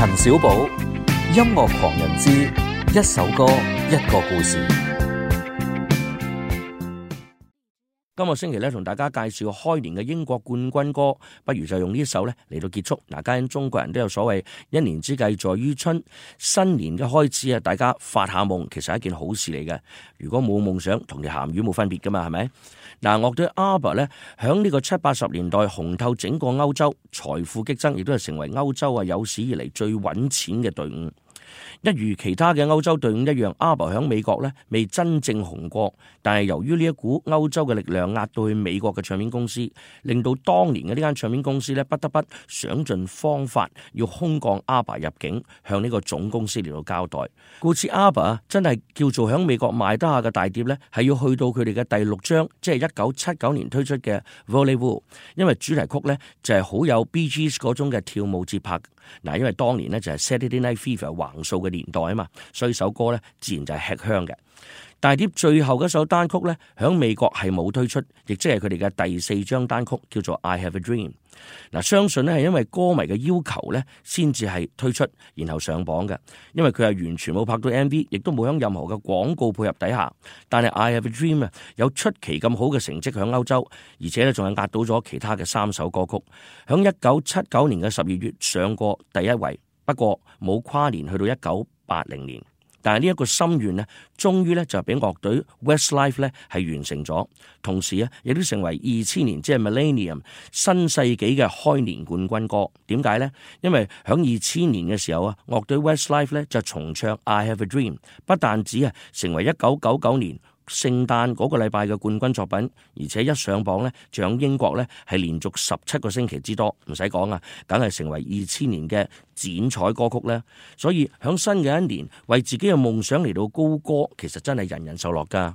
陳少寶，音樂狂人之一首歌，一個故事。今個星期咧，同大家介紹開年嘅英國冠軍歌，不如就用呢首咧嚟到結束嗱。家中國人都有所謂一年之計在於春，新年嘅開始啊，大家發下夢，其實係一件好事嚟嘅。如果冇夢想，同條咸魚冇分別噶嘛，係咪嗱？樂隊 ABBA 呢，響呢個七八十年代紅透整個歐洲，財富激增，亦都係成為歐洲啊有史以嚟最揾錢嘅隊伍。一如其他嘅歐洲隊伍一樣，ABBA 響美國咧，未真正紅過，但係由於呢一股歐洲嘅力量壓到去美國嘅唱片公司，令到當年嘅呢間唱片公司咧不得不想盡方法要空降 ABBA 入境，向呢個總公司嚟到交代。故此，ABBA 真係叫做響美國賣得下嘅大碟咧，係要去到佢哋嘅第六張，即係一九七九年推出嘅《Voulez-Vous》，因為主題曲呢就係、是、好有 Bee Gees 嗰種嘅跳舞節拍。嗱，因為當年呢就係 Saturday Night Fever 數嘅年代啊嘛，所以首歌呢自然就係吃香嘅。但係碟最後嗰首單曲呢，響美國係冇推出，亦即係佢哋嘅第四張單曲叫做《I Have A Dream》。嗱，相信呢係因為歌迷嘅要求呢，先至係推出然後上榜嘅。因為佢係完全冇拍到 MV，亦都冇響任何嘅廣告配合底下。但係《I Have A Dream》啊，有出奇咁好嘅成績響歐洲，而且咧仲係壓倒咗其他嘅三首歌曲，響一九七九年嘅十二月上過第一位。不過冇跨年去到一九八零年，但係呢一個心願咧，終於咧就俾樂隊 Westlife 咧係完成咗，同時啊亦都成為二千年即係、就是、Millennium 新世紀嘅開年冠軍歌。點解呢？因為響二千年嘅時候啊，樂隊 Westlife 咧就重唱 I Have a Dream，不但止啊成為一九九九年。聖誕嗰個禮拜嘅冠軍作品，而且一上榜呢，響英國呢係連續十七個星期之多，唔使講啊，梗係成為二千年嘅剪綵歌曲呢。所以響新嘅一年，為自己嘅夢想嚟到高歌，其實真係人人受落噶。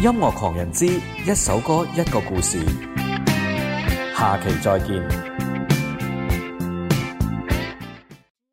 音樂狂人之一首歌一個故事，下期再見。